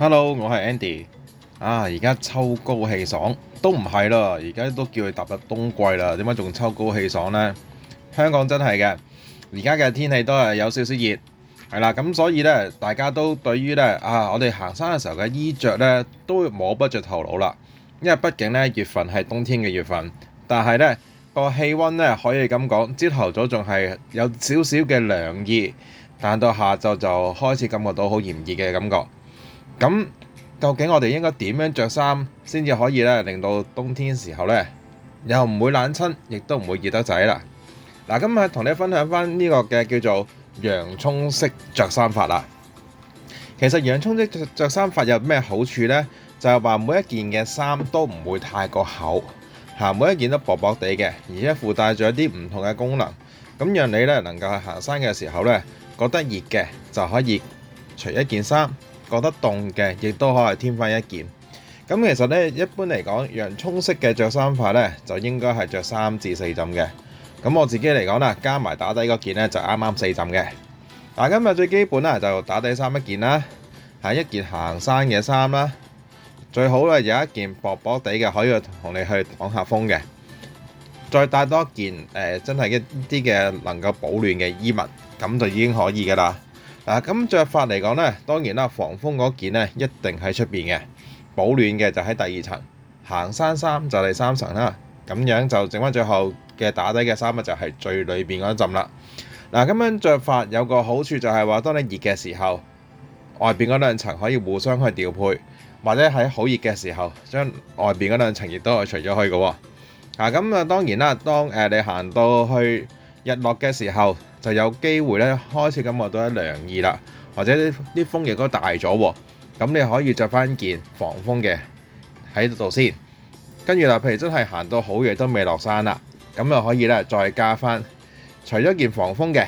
Hello，我係 Andy 啊！而家秋高氣爽都唔係啦，而家都叫佢踏入冬季啦。點解仲秋高氣爽呢？香港真係嘅，而家嘅天氣都係有少少熱係啦。咁所以呢，大家都對於呢，啊，我哋行山嘅時候嘅衣着呢，都摸不着頭腦啦。因為畢竟呢，月份係冬天嘅月份，但係呢，個氣溫呢，可以咁講，朝頭早仲係有少少嘅涼意，但到下晝就開始感覺到好炎熱嘅感覺。咁究竟我哋應該點樣著衫先至可以咧，令到冬天時候呢，又唔會冷親，亦都唔會熱得仔啦。嗱，今日同你分享翻呢個嘅叫做洋葱式著衫法啦。其實洋葱式著著衫法有咩好處呢？就係話每一件嘅衫都唔會太過厚嚇，每一件都薄薄地嘅，而且附帶咗一啲唔同嘅功能，咁讓你咧能夠行山嘅時候呢，覺得熱嘅就可以除一件衫。覺得凍嘅，亦都可以添翻一件。咁其實咧，一般嚟講，洋葱式嘅著衫法咧，就應該係著三至四浸嘅。咁我自己嚟講啦，加埋打底嗰件咧，就啱啱四浸嘅。嗱，今日最基本啦，就打底衫一件啦，係一件行山嘅衫啦。最好咧有一件薄薄地嘅，可以同你去擋下風嘅。再帶多一件誒，真係一啲嘅能夠保暖嘅衣物，咁就已經可以㗎啦。嗱，咁着法嚟講呢，當然啦，防風嗰件呢一定喺出邊嘅，保暖嘅就喺第二層，行山衫就第三層啦，咁樣就剩翻最後嘅打底嘅衫呢就係最裏邊嗰一陣啦。嗱，咁樣着法有個好處就係話，當你熱嘅時候，外邊嗰兩層可以互相去調配，或者喺好熱嘅時候，將外邊嗰兩層亦都除去除咗去嘅喎。嗱，咁啊，當然啦，當誒你行到去日落嘅時候，就有機會咧，開始感覺到啲涼意啦，或者啲風亦都大咗喎。咁你可以著翻件防風嘅喺度先，跟住啦，譬如真係行到好夜都未落山啦，咁又可以咧再加翻，除咗件防風嘅，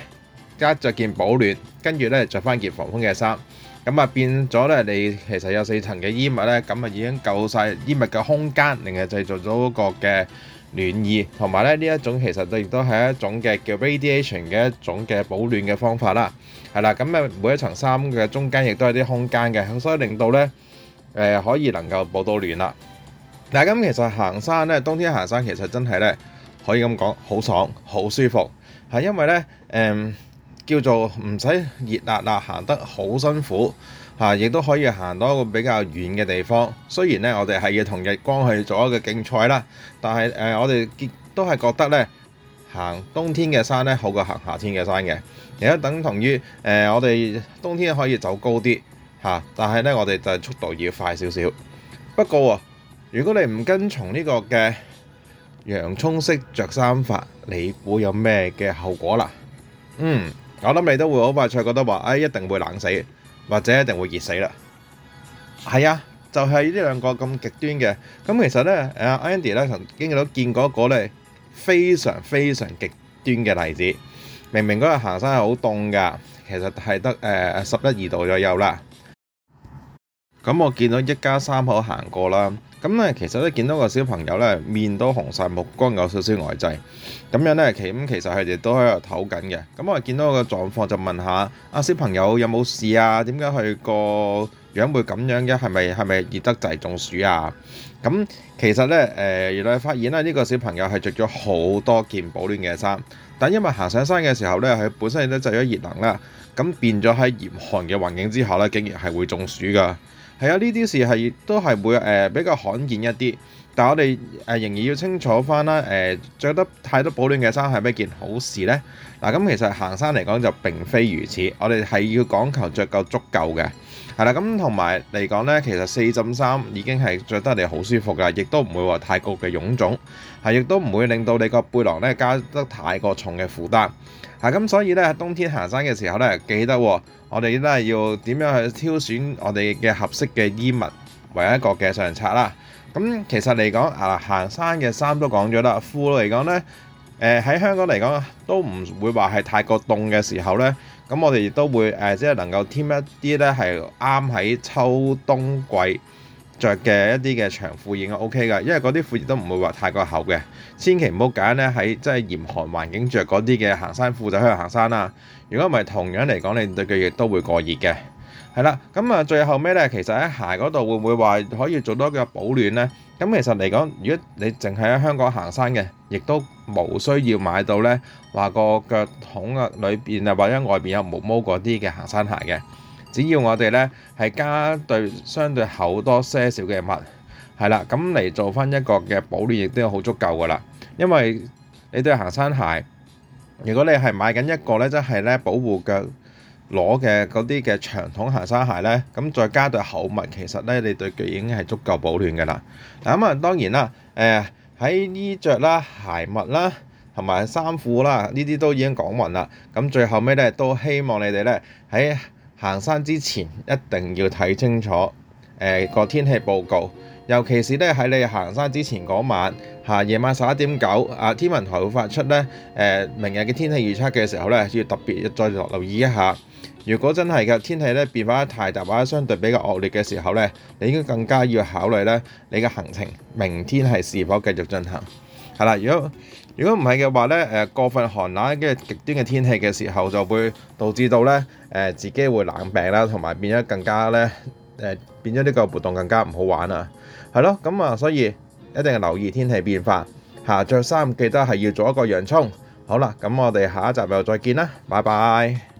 加著件保暖，跟住咧著翻件防風嘅衫，咁啊變咗咧你其實有四層嘅衣物咧，咁啊已經夠晒衣物嘅空間，令佢製造咗一個嘅。暖意同埋咧呢一種其實亦都係一種嘅叫 radiation 嘅一種嘅保暖嘅方法啦，係啦，咁誒每一層衫嘅中間亦都有啲空間嘅，咁所以令到呢，呃、可以能夠保到暖啦。嗱咁其實行山呢，冬天行山其實真係呢，可以咁講好爽好舒服，係因為呢，嗯、叫做唔使熱辣辣，行得好辛苦。啊！亦都可以行到一個比較遠嘅地方。雖然咧，我哋係要同日光去做一個競賽啦，但係誒、呃，我哋都係覺得咧，行冬天嘅山咧好過行夏天嘅山嘅。而家等同於誒、呃，我哋冬天可以走高啲吓、啊，但係咧我哋就速度要快少少。不過如果你唔跟從呢個嘅洋葱式着衫法，你會有咩嘅後果啦？嗯，我諗你都會好快脆覺得話，誒、哎、一定會冷死。或者一定會熱死啦，係啊，就係呢兩個咁極端嘅咁。其實呢，誒 Andy 呢曾經都見過一個咧非常非常極端嘅例子。明明嗰日行山係好凍㗎，其實係得誒十一二度左右啦。咁我見到一家三口行過啦，咁咧其實咧見到個小朋友咧面都紅晒，目光有少少呆滯，咁樣咧其其實佢哋都喺度唞緊嘅。咁我見到個狀況就問下阿、啊、小朋友有冇事啊？點解佢個樣會咁樣嘅？係咪係咪熱得滯中暑啊？咁其實咧誒、呃、原來發現呢個小朋友係着咗好多件保暖嘅衫，但因為行上山嘅時候咧佢本身都製咗熱能啦，咁變咗喺嚴寒嘅環境之下咧，竟然係會中暑㗎。係啊，呢啲事係都係會誒比較罕見一啲。但我哋仍然要清楚翻啦，誒著得太多保暖嘅衫係咪一件好事呢？嗱，咁其實行山嚟講就並非如此，我哋係要講求着夠足夠嘅係啦。咁同埋嚟講呢，其實四針衫已經係着得嚟好舒服噶，亦都唔會話太過嘅臃腫，係亦都唔會令到你個背囊加得太過重嘅負擔。咁，所以呢，冬天行山嘅時候呢，記得我哋呢係要點樣去挑選我哋嘅合適嘅衣物為一個嘅上策啦。咁其實嚟講啊，行山嘅衫都講咗啦，褲嚟講呢，誒喺香港嚟講都唔會話係太過凍嘅時候呢，咁我哋亦都會誒即係能夠添一啲呢係啱喺秋冬季著嘅一啲嘅長褲已經 OK 㗎，因為嗰啲褲亦都唔會話太過厚嘅，千祈唔好揀呢喺即係嚴寒環境著嗰啲嘅行山褲就喺度行山啦，如果唔係同樣嚟講，你對腳亦都會過熱嘅。係啦，咁啊最後尾咧，其實喺鞋嗰度會唔會話可以做多腳保暖咧？咁其實嚟講，如果你淨係喺香港行山嘅，亦都冇需要買到咧，話個腳筒啊裏邊啊或者外邊有毛毛嗰啲嘅行山鞋嘅。只要我哋咧係加對相對厚多些少嘅襪，係啦，咁嚟做翻一個嘅保暖，亦都好足夠噶啦。因為你對行山鞋，如果你係買緊一個咧，即係咧保護腳。攞嘅嗰啲嘅長筒行山鞋呢，咁再加對厚襪，其實呢，你對腳已經係足夠保暖嘅啦。咁啊，當然啦，喺、呃、衣着啦、鞋襪啦同埋衫褲啦，呢啲都已經講勻啦。咁最後尾呢，都希望你哋呢喺行山之前一定要睇清楚誒、呃、個天氣報告。尤其是咧喺你行山之前嗰晚，嚇夜晚十一點九啊，天文台會發出咧誒明日嘅天氣預測嘅時候咧，要特別再留意一下。如果真係嘅天氣咧變化得太大或者相對比較惡劣嘅時候咧，你應該更加要考慮咧你嘅行程，明天係是否繼續進行。係啦，如果如果唔係嘅話咧，誒過分寒冷嘅極端嘅天氣嘅時候就會導致到咧誒自己會冷病啦，同埋變得更加咧。變咗呢個活動更加唔好玩啦，係咯，咁啊，所以一定要留意天氣變化，下着衫記得係要做一個洋葱，好啦，咁我哋下一集又再見啦，拜拜。